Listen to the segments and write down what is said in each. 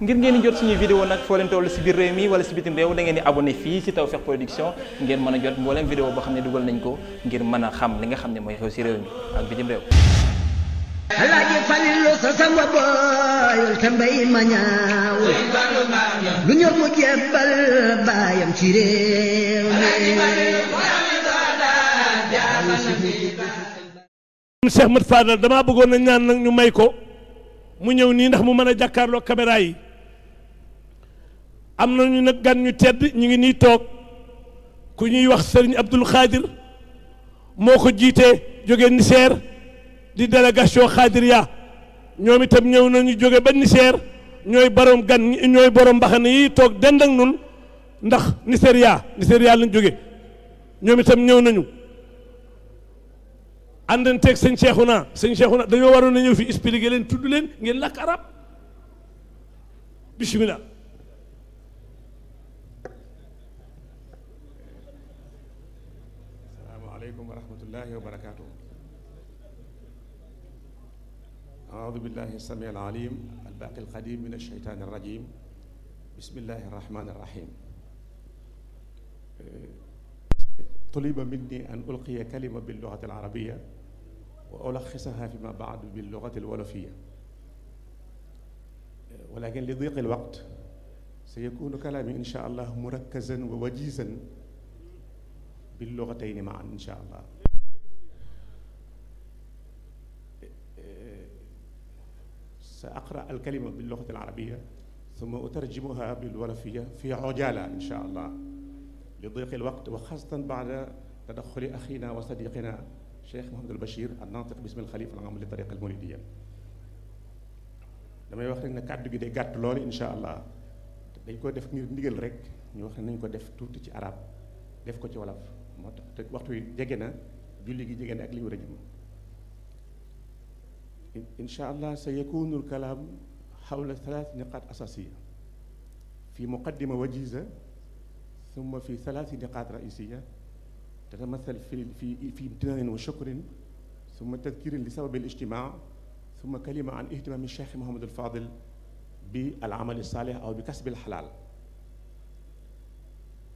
ngir ngeen di jot suñuy vidéo nag foo leen toll si biir réew mi wala si bitim réew da ngeen di abonné fii si Tawfekh Production ngeen mën a jot mbooleem vidéo boo xam ne dugal nañ ko ngir mën a xam li nga xam ne mooy xew si réew mi ak bitim réew alaaji Falilu ma ñaaw lu ñor mu jebbal baayam ci réew mi Cheikh Mat Fadal damaa bëggoon na ñaan nag ñu may ko mu ñëw nii ndax mu mën a jàkkaarloo caméra yi am na ñu nag gan ñu tedd ñu ngi nii toog ku ñuy wax sëriñ Abdul Xaadir moo ko jiite jóge Niger di délégation Xaadiriya ñoom itam ñëw nañu jóge ba Niger ñooy borom gan ñooy borom mbaxana yi toog dend ak nun ndax Nigeria Nigeria lañ jóge ñoom itam ñëw nañu teg sëñ naa sëñ Cheikhouna dañoo waroon na ñëw fi expliquer leen tudd leen ngeen lakk arab bismillah أعوذ بالله السميع العليم الباقي القديم من الشيطان الرجيم بسم الله الرحمن الرحيم طلب مني أن ألقي كلمة باللغة العربية وألخصها فيما بعد باللغة الولفية ولكن لضيق الوقت سيكون كلامي إن شاء الله مركزا ووجيزا باللغتين معا إن شاء الله سأقرأ الكلمة باللغة العربية ثم أترجمها بالولفية في عجالة إن شاء الله لضيق الوقت وخاصة بعد تدخل أخينا وصديقنا الشيخ محمد البشير الناطق باسم الخليفة العام للطريقة المولدية damay wax rek ne kàddu gi day gàtt loolu insha allah dañ ko def ngir ndigal rek ñu wax ne nañ ko def tuuti ci arab def ko ci wolof moo tax te waxtu wi jege na julli gi jege na ak li ñu war a jëm إن الله سيكون الكلام حول ثلاث نقاط أساسية في مقدمة وجيزة ثم في ثلاث نقاط رئيسية تتمثل في في في امتنان وشكر ثم تذكير لسبب الاجتماع ثم كلمة عن اهتمام الشيخ محمد الفاضل بالعمل الصالح أو بكسب الحلال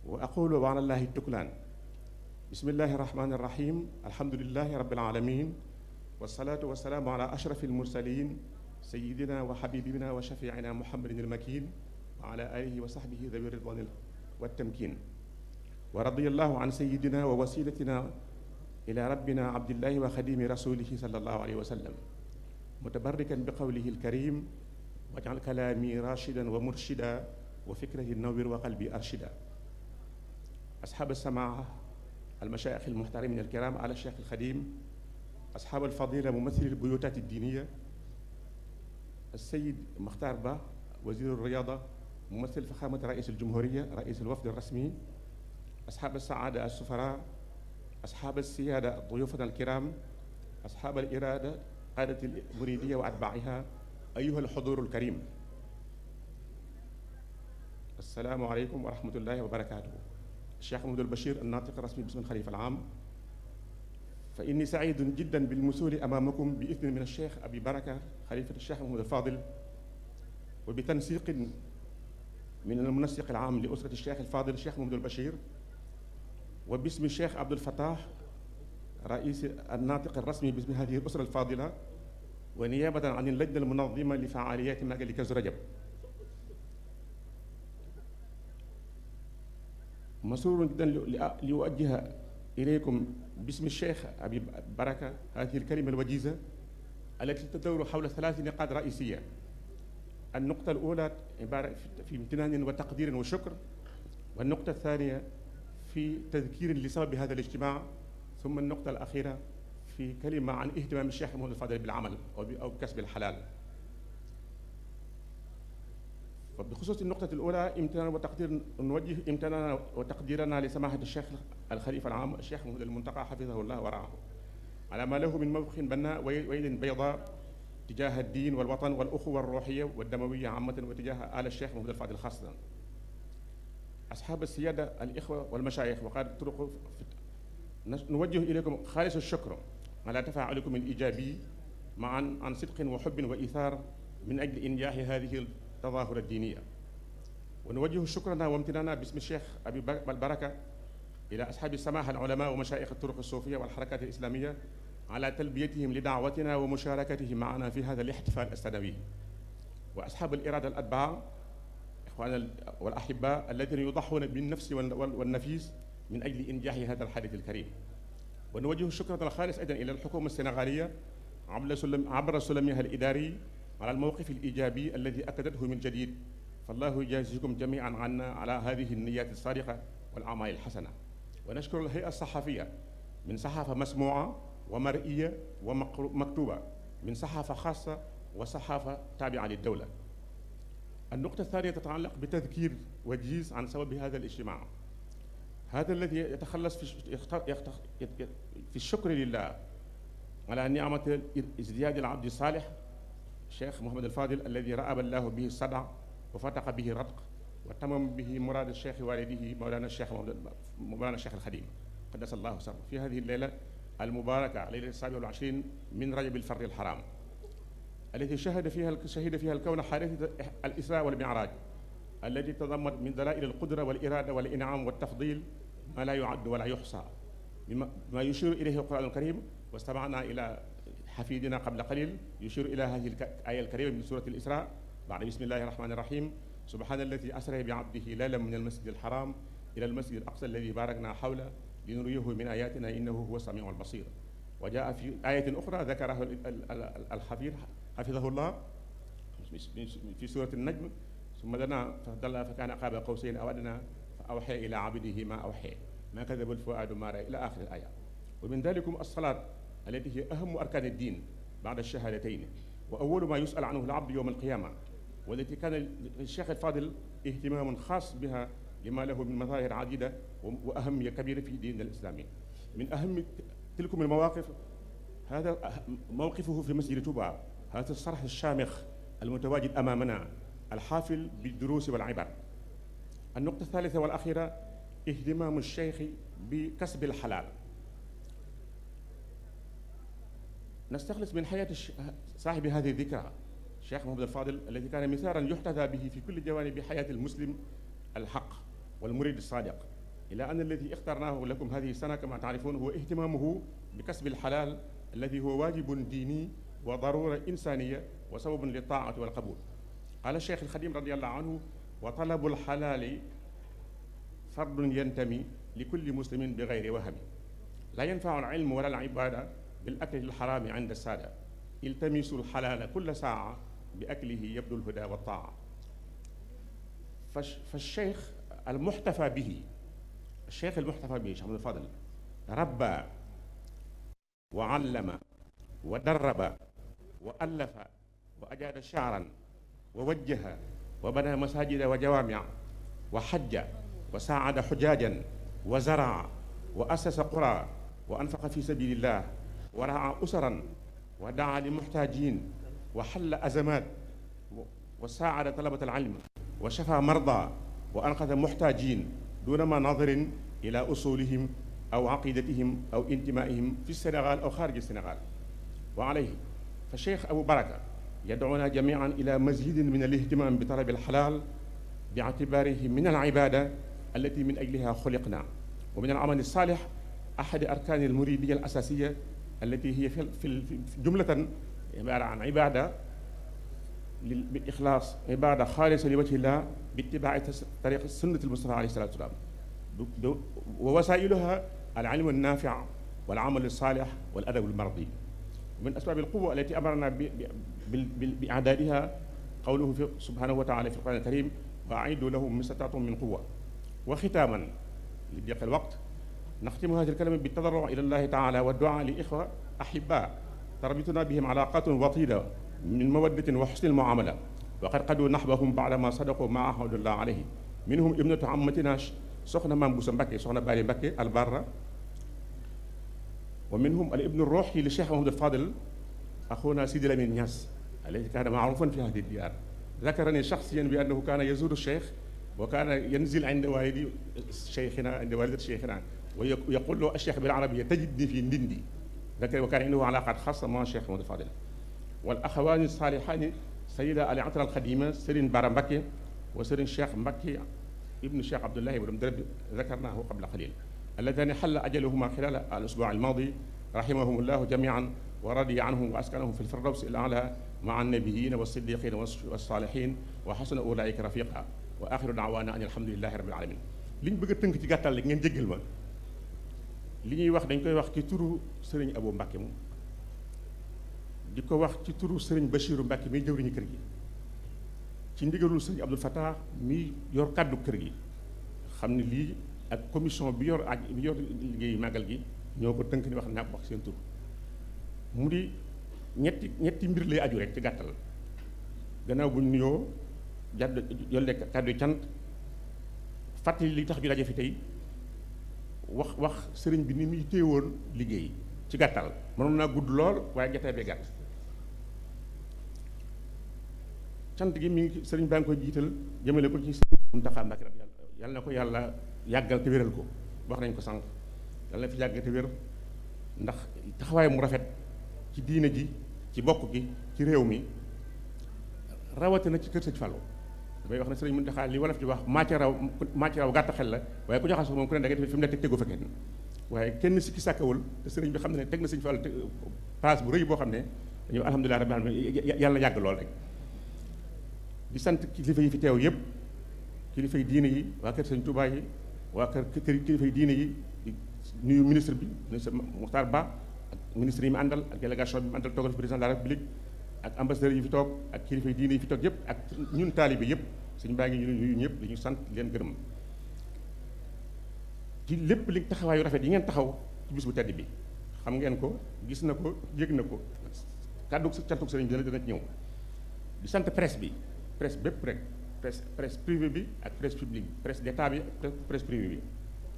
وأقول وعلى الله التكلان بسم الله الرحمن الرحيم الحمد لله رب العالمين wasalaatu wasalaamu ala ashrafi almursalin sayidina wa xabibina wa shafiina muhammadin almakin wa ala alihi wa saxbihi dawi ridwan waltamkin wa radiallahu an sayidina wa wasilatina ila rabbina abdillahi wa xadimi rasulihi sal allahu alayhi wa sallam mutabarrikan bi qawlihi alkarim wajal kalaami rashidan wa murshida wa fikrati nawir wa qalbi arshida asxaab alsamaa almashaayix almuhtarimin alkiram ala cheikh alxadim أصحاب الفضيلة ممثلي البيوتات الدينية السيد مختار با وزير الرياضة ممثل فخامة رئيس الجمهورية رئيس الوفد الرسمي أصحاب السعادة السفراء أصحاب السيادة ضيوفنا الكرام أصحاب الإرادة قادة المريدية وأتباعها أيها الحضور الكريم السلام عليكم ورحمة الله وبركاته الشيخ محمود البشير الناطق الرسمي باسم الخليفة العام fa inni saidun jiddan bil musuli amamakum bi idnin min alcheikh abi baraka xalifati cheikh mahmoud alfadil wa bi tansiqin min almunasiq alaam li usrati cheikh alfadil cheikh mahmoud albachir wa bismi cheikh abdulfatah رئيس الناطق الرسمي باسم هذه الأسرة الفاضلة ونيابة عن اللجنة المنظمة لفعاليات معجل كنز رجب مسرور جدا لأ... لأوجه إليكم باسم الشيخ أبي بركة هذه الكلمة الوجيزة التي تدور حول ثلاث نقاط رئيسية النقطة الأولى عبارة في امتنان وتقدير وشكر والنقطة الثانية في تذكير لسبب هذا الاجتماع ثم النقطة الأخيرة في كلمة عن اهتمام الشيخ محمود الفاضل بالعمل أو بكسب الحلال فبخصوص النقطة الأولى امتنان وتقدير نوجه امتناننا وتقديرنا لسماحة الشيخ الخليفة العام الشيخ محمود المنتقى حفظه الله ورعاه على ما له من موقف بناء ويل بيضاء تجاه الدين والوطن والأخوة الروحية والدموية عامة وتجاه آل الشيخ محمود الفاضل خاصة أصحاب السيادة الإخوة والمشايخ وقادة الطرق نوجه إليكم خالص الشكر على تفاعلكم الإيجابي معا عن صدق وحب وإيثار من أجل إنجاح هذه التظاهر الدينية ونوجه شكرنا وامتنانا باسم الشيخ أبي البركة إلى أصحاب السماحة العلماء ومشايخ الطرق الصوفية والحركات الإسلامية على تلبيتهم لدعوتنا ومشاركتهم معنا في هذا الاحتفال السنوي وأصحاب الإرادة الأتباع إخواننا والأحباء الذين يضحون بالنفس والنفيس من أجل إنجاح هذا الحدث الكريم ونوجه الشكر الخالص أيضا إلى الحكومة السنغالية عبر سلمها الإداري ala almawqif alijabi alladi akadathu min jadid fallahu yujazisukum jamian anna ala hadihi alniyat alsadiqa walamali alxasana wa nashkuru alhay'a alsaxafiya min saxaafa masmua wa mariya wa maktuba min saxaafa xaasa wa saxaafa taabia lildawla النقطة الثانية تتعلق بتذكير وجيز عن سبب هذا الاجتماع هذا الذي يتخلص في في الشكر لله على نعمة ازدياد العبد الصالح Cheikh Mouhamad al Fadil alladi raaba allahu bihi sada wa fataxa bihi ratq wa tamam bihi muraad Cheikh walidihi mawlana Cheikh mawlana Cheikh al Xadim qaddas allahu sar fi hadihi leyla al mubaraka leyla sabi al ashrin min rajabi al fardi al haram التي شهد فيها شهد فيها الكون حادثة الإسراء والمعراج التي تضمت من دلائل القدرة والإرادة والإنعام والتفضيل ما لا يعد ولا يحصى مما يشير إليه القرآن الكريم واستمعنا إلى xafidina qabla qalil yushiru ila hadihi al-aya al-karima min surati al-isra ba'da bismillahi rahmani rahim subhana alladi asra bi abdihi laylan min al-masjid al-haram ila al-masjid al-aqsa alladi barakna hawla linuriyahu min ayatina innahu huwa as-samiu al-basir wa jaa fi ayatin uxra dakaraha al-xafid xafidahu llah fi surati an-najm summa dana fadalla fa kana qaaba qawsayn aw adna fa awxee ila abdihi ma awxee ma kadaba al-fuaadu ma raa ila axiri al-aya wa min dalikum as-salaat التي هي أهم أركان الدين بعد الشهادتين وأول ما يسأل عنه العبد يوم القيامة والتي كان للشيخ الفاضل اهتمام خاص بها لما له من مظاهر عديدة وأهمية كبيرة في ديننا الإسلامي من أهم تلكم المواقف هذا موقفه في مسجد توبة هذا الصرح الشامخ المتواجد أمامنا الحافل بالدروس والعبر النقطة الثالثة والأخيرة اهتمام الشيخ بكسب الحلال نستخلص من حياة صاحب هذه الذكرى الشيخ محمد الفاضل الذي كان مثالا يحتذى به في كل جوانب حياة المسلم الحق والمريد الصادق إلى أن الذي اخترناه لكم هذه السنة كما تعرفون هو اهتمامه بكسب الحلال الذي هو واجب ديني وضرورة إنسانية وسبب للطاعة والقبول قال الشيخ الخديم رضي الله عنه وطلب الحلال فرض ينتمي لكل مسلم بغير وهم لا ينفع العلم ولا العبادة bil akli lxaraami inda saada iltamisu lxalaala kulla saa bi aklihi yabdu lhuda wa taa fa fa cheikh almuxtafa bihi cheikh almuxtafa bihi cheikh Fadal rabba wa allama wa darraba wa allafa wa ajaada shaaran wa wajjaha wa bana masajida wa jawaamica wa xajja wa saacada xujaajan wa zaraa wa asasa qura wa anfaqa fi sabilillah wa raa usaran wa daa li muxtaajin wa xalla azamaat wa saada talabat alalm wa shafa marda wa anqada muxtaajin duna ma nadirin ila usulihim aw aqidatihim aw intimaihim fi sénégal aw xaariji sénégal wa alayhi fa cheikh abou baraka yadcuuna jamian ila mazidin min alihtimam bi talabi alxalaal biictibaarihi min alcibada allati min ajliha xuliqna wa min alamali alsaalix axadi arkaani almuridiya alasaasiya allati hiya fi jumlatan ibaada an ibaada bi ixlaas ibaada xaalisa li wajhillah bi ittibaai tariqi sunnati almustafa alayhi salatu wasalaam wa wasailuha al ilmu annaafic wal amalu saalix wal adabu almardi min asbaabi alquwa allati amarna bi idaadiha qawluhu fi subhanahu wa taala fi alquran alkarim wa aidu lahum min stataatum min quwa wa xitaaman li diq alwaqt نختم هذه الكلمة بالتضرع إلى الله تعالى والدعاء لإخوة أحباء تربطنا بهم علاقات وطيدة من مودة وحسن المعاملة وقد قدوا نحبهم بعدما صدقوا ما عهد الله عليه منهم ابنة عمتنا soxna maam Boussa Mbakke soxna Bari Mbakke albarra wa minhum al ibnu ruuxi li cheikh Mahamadou Fadel axuna Sidi Lamine Niass alayhi kaana maarufan fi hadi diyaar zakarani shaxsiyan bi annahu kaana yazuru cheikh wa kaana yanzil inda walidi cheikhina inda walidati cheikhina wa yaqul loo cheikh bil arabia tajidni fi ndindi dakar wa kaane indahu alaqat xasa ma cheikh Mamadou Fadel wal axawaani saalihani sayida ali atral xadima sëriñ bara mbakke wa sëriñ cheikh mbakke ibnu cheikh abdullahi borom dërëb zakarnahu qabla xalil alladani xalla ajaluhuma xilal al usbuu al maadi rahimahum allahu jamian wa radiya anhum wa askanahum fi lfirdaws il ala maa annabiyiina wa siddiqina wa saalihin wa xasuna ulaika rafiqa wa axiru daawaana an alhamdulilahi rabbil alamin liñ bëgg a tënk ci gàttal rek ngeen jéggal ma li ñuy wax dañ koy wax ci turu sëriñ Abo Mbacke moom di ko wax ci turu sëriñ Bachirou Mbacke miy jëwriñu kër gi ci ndigalul sëriñ Abdul Fattah mi yor kàddu kër gi xam ne lii ak commission bi yor ak bi yor liggéeyu màggal gi ñoo ko tënk ni wax naa ko wax seen tur mu di ñetti ñetti mbir lay aju rek ci gàttal gannaaw bu nuyoo jàdd yolle kàddu cant fàttali li tax ñu daje fi tey wax wax sëriñ bi ni muy téewoon liggéey ci gàttal mënoon naa gudd lool waaye jotaay bi gàtt cant gi mi ngi sëriñ baa ngi koy jiital jëmale ko ci sëriñ Muntaxa Mbàkke yàlla na ko yàlla yàggal te wéral ko wax nañ ko sànq yàlla na fi yàggal te wér ndax taxawaay mu rafet ci diine ji ci bokk gi ci réew mi rawatina ci kër sëñ Fallou mooy wax ne sëriñ Muntaxa li wolof di wax maa ca raw maa ca raw gàtt xel la waaye ku joxasu moom ku ne da ngay def fi mu nekk tegu fa kenn waaye kenn sikki sàkkawul te sëriñ bi xam ne teg na sëriñ Fallu euh, place bu rëy boo xam ne dañu alhamdulilah rabbil alamin yàlla yàgg lool rek di sant kilifa yi fi teew yëpp kilifa yi diine yi waa kër sëriñ Tuubaa yi waa kër kilifa yi diine yi nuyu ministre bi mu Mokhtar Ba ak ministre yi mu àndal ak délégation bi mu àndal toogal fi président de la république ak ambassadeurs yi fi toog ak kilifa diine yi fi toog yëpp ak ñun taalibe yëpp suñ baa ngi ñu nuyu ñëpp di ñu sant leen gërëm ci lépp li taxawaayu rafet yi ngeen taxaw ci bis bu tedd bi xam ngeen ko gis na ko yëg na ko kàddu cantuk sëriñ bi dana ci ñëw di sant presse bi presse bépp rek presse presse privée bi ak presse publique presse d'état bi ak presse privée bi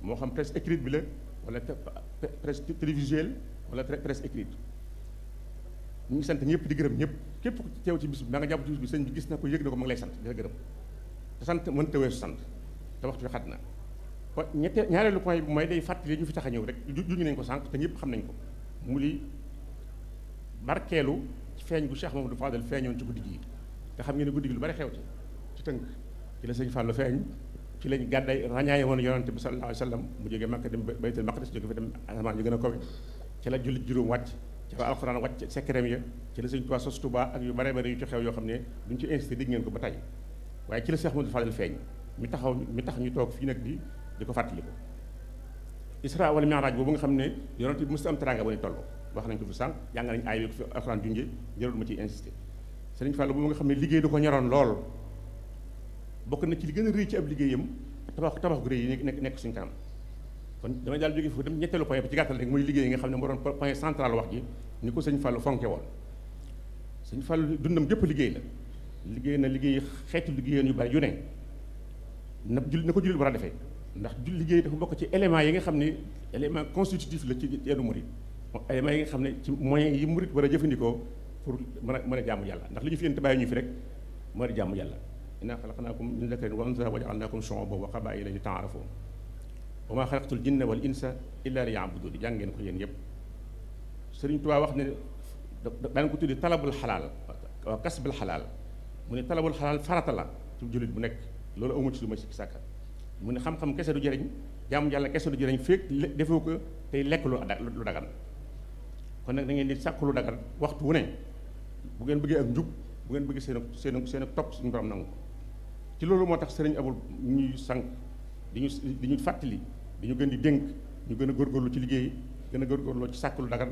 moo xam presse écrite bi la wala presse télévisuelle wala presse écrite ñu ngi sant ñëpp di gërëm ñëpp képp ku teew ci bis bi da nga jàpp ci bis bi sëñ bi gis na ko yëg na ko ma lay sant di la gërëm te sant mën ta weesu sant te waxtu bi xat na kon ñette ñaareelu point bi mooy day fàttali ñu fi tax ñëw rek juñu nañ ko sànq te ñëpp xam nañ ko mu li barkeelu ci feeñ gu Cheikh Mamadou Fadel feeñoon ci guddi gi te xam ngeen ne guddi gi lu bari xew ci ci tënk ci la sëñ Fallou feeñ ci lañ gàdday ràññaaye woon yonante bi sallallahu alayhi wa mu jógee Makka dem Baytul Maqdis jóge gën a kawe ci la jullit juróom wàcc ci fa alxuraan wàcc sekkereem ya ci la sëñ Tuubaa sos Tuubaa ak yu bare bare yu ci xew yoo xam ne duñ ci insisté dégg ngeen ko ba tey waaye ci la Seex Ahmadu Fadel feeñ mi taxaw mi tax ñu toog fii nag di di ko fàttaliku isra wala mi'raaj boobu nga xam ne yonent bi mosut am teraanga bu nañ ko fi sànq jàng nañ aay bi ko fi alxuraan junjee jërul ma ciy insisté sëriñ Fallou boobu nga xam ne liggéey da ko ñoroon lool bokk na ci li gën a rëy ci ab liggéeyam tabax tabax gu rëy yi nekk nekk suñu kanam kon damay daal jóge foofu dem ñetteelu point bi ci gàttal rek muy liggéey nga xam ne moo doon point central wax ji ni ko sëñ Fallou fonke woon sëñ Fallou dundam gépp liggéey la liggéey na liggéey xeetu liggéeyeen yu bari yu ne na jul na ko jullit war a defee ndax liggéey dafa bokk ci éléments yi nga xam ne élément constitutif la ci teenu murit éléments yi nga xam ne ci moyens yi murit war a jëfandikoo pour mën a mën a jàmm yàlla ndax li ñu fi yéen te ñu fi rek mën a jaamu yàlla innaa xalaqnaakum min dakarin wa unsaa wa ja'alnaakum wa maa xalaqtul jinna wal insa illa li ya'budun jàng ngeen ko yéen yëpp Sëriñ Tuubaa wax ne daan ko tuddi talabul xalaal waaw kasbul xalaal mu ne talabul xalaal farata la ci jullit bu nekk loolu amu ci lu ma si sàkka mu ne xam-xam kese du jëriñ jaamu yàlla kese du jëriñ féeg defoo ko tey lekk lu lu dagan kon nag da di sàkk lu dagan waxtu wu ne bu ngeen bëggee ak njub bu ngeen bëggee seen seen seen topp suñu borom nangu ci loolu moo tax sëriñ abul ñuy sànq di ñu ñu fàttali di ñu gën di dénk ñu gën a góorgóorlu ci liggéey gën a góorgóorlu ci sàkk lu dagan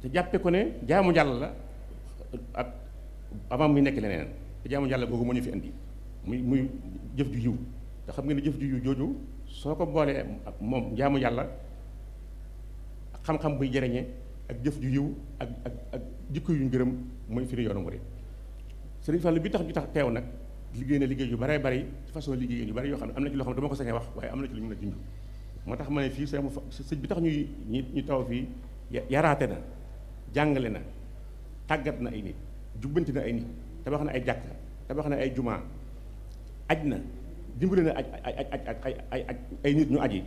te jàppe ko ne jaamu yàlla la ak avant muy nekk leneen te jaamu yàlla googu moo ñu fi indi muy muy jëf ju te xam nga ne jëf ju jooju soo ko boolee ak moom jaamu yàlla xam-xam buy jariñe ak jëf ju yiw ak ak ak jikko yu ñu gërëm mooy firi yoonu murid Sëriñ Fallu bi tax bi tax teew nag liggéey na liggéey yu baree bari façon liggéey yu bari yoo xam ne am na ci loo xam ne dama ko sañ a wax waaye am na ci lu ñu mën moo tax ma ne fii sëñ bi tax ñuy ñu taw fii yaraate na jàngale na tàggat na ay nit jubbanti na ay nit tabax na ay jàkk tabax na ay jumaa aj na dimbali na aj ay ay nit ñu aji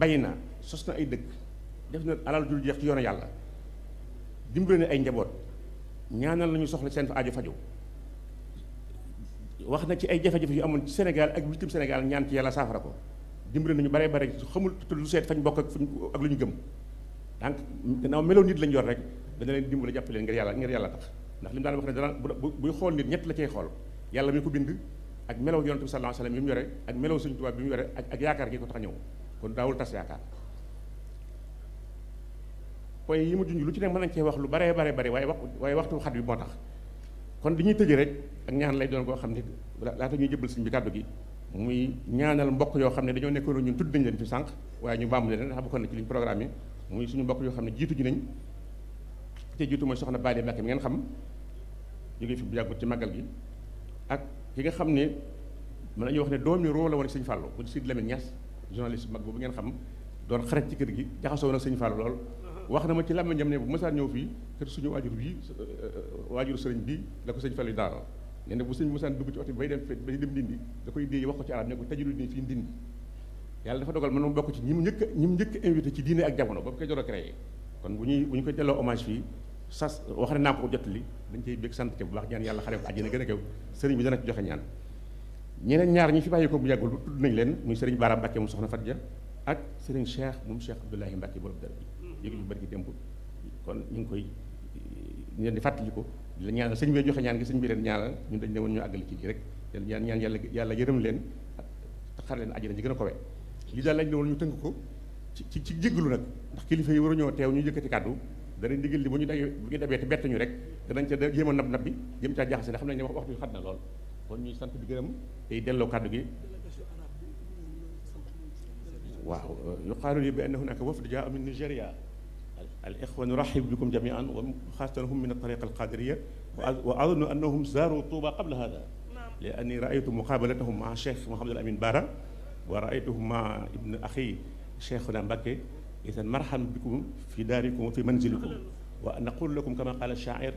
bay na sos na ay dëkk def na alal jul jeex ci yoonu yàlla dimbali na ay njaboot ñaanal nañu soxla seen ajo fajo wax na ci ay jafe-jafe yu amoon ci Sénégal ak bitim Sénégal ñaan ci yàlla saafara ko dimbali nañu bare bare xamul lu seet fañ bokk ak fuñ lu ñu gëm donc gannaaw meloo nit lañ yor rek dana leen dimbali jàpp leen ngir yàlla ngir yàlla tax ndax li daan wax ne dana buy xool nit ñett la cay xool yàlla mi ko bind ak melow yonent bi sallallahu yi mu yore ak melow Sëriñ Tuubaa bi mu yore ak ak yaakaar gi ko tax ñëw kon daawul tas yaakaar point yi mu junj lu ci nekk mën nañ cee wax lu bare bare bare waaye wax waaye waxtu xat bi moo tax kon li ñuy tëjee rek ak ñaan lay doon koo xam ne laata ñuy jëbal sëñ bi kàddu gi muy ñaanal mbokk yoo xam ne dañoo nekkoon ñun tudd nañ leen ci sànq waaye ñu bàmm leen xam ko ne ci liñ programme yi suñu mbokk yoo xam ne jiitu ji nañ te jiitu mooy soxna Bali ngeen xam jóge fi bu yàggut ci màggal gi ak ki nga xam ne mën nañu wax ne doom ñu roo la woon sëñ Fallou bu Sidi Lamine Niass journaliste mag boobu ngeen xam doon xarit ci kër gi jaxasoo na sëñ Fallou lool wax na ma ci làmmiñam ne bu mësaan ñëw fii kër suñu waajur bii euh, euh, waajur sëriñ bi la ko sëñ Fallu daara nee na bu sëñ mësaan dugg ci oto bi bay dem bay dem ndindi da koy déey wax ko ci arab ne ko tajidu nii fii ndindi bokk ci ñi mu njëkk ñi mu njëkk invité ci diine ak jamono ba mu koy door a créé kon bu ñuy bu ñu sas wax ne naa ko jottali dañ cey bég sant bu baax ñaan yàlla xare ko àjjana gën a kaw sëriñ bi dana joxe ñaan ñeneen ñaar ñi fi bàyyi ko bu yàggul tudd nañ leen muy sëriñ Baara Mbàkke moom soxna Fatja ak sëriñ Cheikh moom Cheikh Abdoulahi Mbàkke borom dara bi yëglu bërki démb kon ñu ngi koy ñu leen di fàttaliku di la ñaanal sëñ bi joxe ñaan gi sëñ bi leen ñaanal ñun dañ ne woon ñu àggali ci lii rek yàlla ñaan ñaan yàlla yàlla yërëm leen taxar leen àjjana ji gën a kowe lii woon ñu tënk ko ci ci ci jéggalu nag ndax kilifa yi war a teew ñu jëkkati kàddu danañ digal li bu ñu dagee bu ñu dabee te bett ñu rek danañ ca jéem a nab nab bi jéem caa jaaxase xam nañ ne wax waxtu xat na lool kon ñuy sant bi gërëm tey delloo kàddu gi waaw yuqaalu li bi anna hunaka wafd jaa min Nigéria al ixwanu rahib bikum jamian wa xaasatan hum min atariqa alqadiriya wa adunnu annahum zaaru tuuba qabla hada li anni raaytu muqaabalatahum maa cheikh Mouhamadul Amin Baara wa raaytuhum maa ibn axi cheikhuna Mbakke idan marhaban bikum fi daarikum wa fi manzilikum wa naqulu lakum kama qaala shaair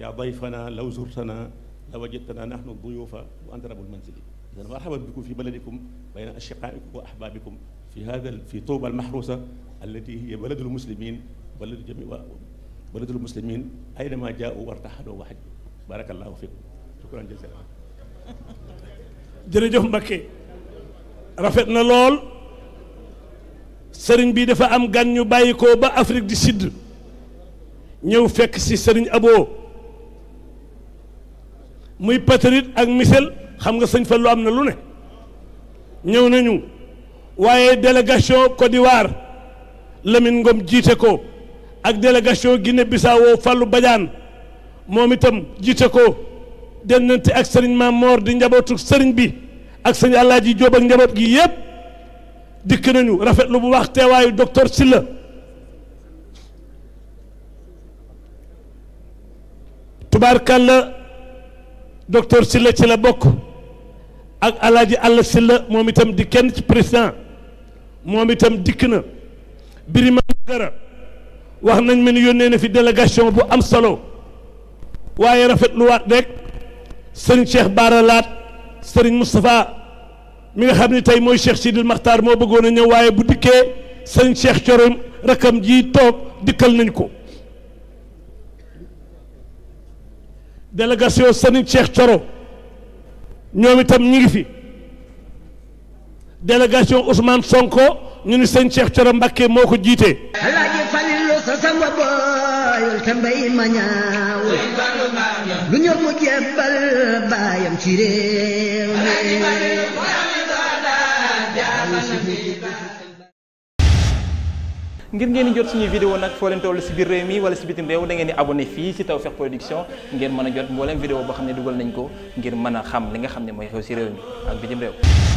yaa dayfana law zurtana la wajadtana nahnu duyuufa wa anta rabbul manzili idan marhaban bikum fi baladikum bayna ashiqaikum wa ahbabikum fi hada fi tuuba almahrusa allati hiya baladul muslimin baladu jami wa baladul muslimin aynama jaa'u wartaxadoo waxaj barakallahu Mbakke rafet na lool sëriñ bii dafa am gan ñu bàyyi ko ba Afrique di sidd ñëw fekk si sëriñ Abo muy patrite ak misel xam nga sëñ fa lu am na lu ne ñëw nañu waaye délégation Côte d'Ivoire Ngom jiite ko ak délégation Guinée Bissau Fallou bajaan moom itam jiite ko dennante ak sëriñ Mamor di njabootu sëriñ bi ak sëñ Alaaji Jóob ak njaboot gi yëpp dikk nañu rafetlu bu baax teewaayu docteur Sylla tubaarkàlla docteur Sylla ci la bokk ak Alaaji Alla Sylla moom itam di kenn ci président moom itam dikk na Birima Gara wax nañ ma ni yónnee na fi delegation bu am solo waaye rafet rafetluwaat rek sëriñ Cheikh Bara Laat sëriñ Moustapha mi nga xam ne tey mooy Cheikh Sidil Maxtaar moo bëggoon a ñëw waaye bu dikkee sëriñ Cheikh Corom rakam ji toog dikkal nañ ko délégation sëriñ Cheikh Coro ñoom itam ñi ngi fi délégation Ousmane Sonko ñu ni sëriñ Cheikh Coro Mbàkke moo ko jiitee sa samba booyul te mbay ma ñaawul lu ñor mu jébbal baayam ci réew mi ngir ngeen jot suñuy vidéo nag foo leen toll si biir réew mi wala si bitim réew da ngeen di abonné fii si Tawfekh Production ngeen mën jot mbooleem vidéo boo xam ne dugal nañ ko ngir mën a xam li nga xam ne mooy xew réew mi ak bitim réew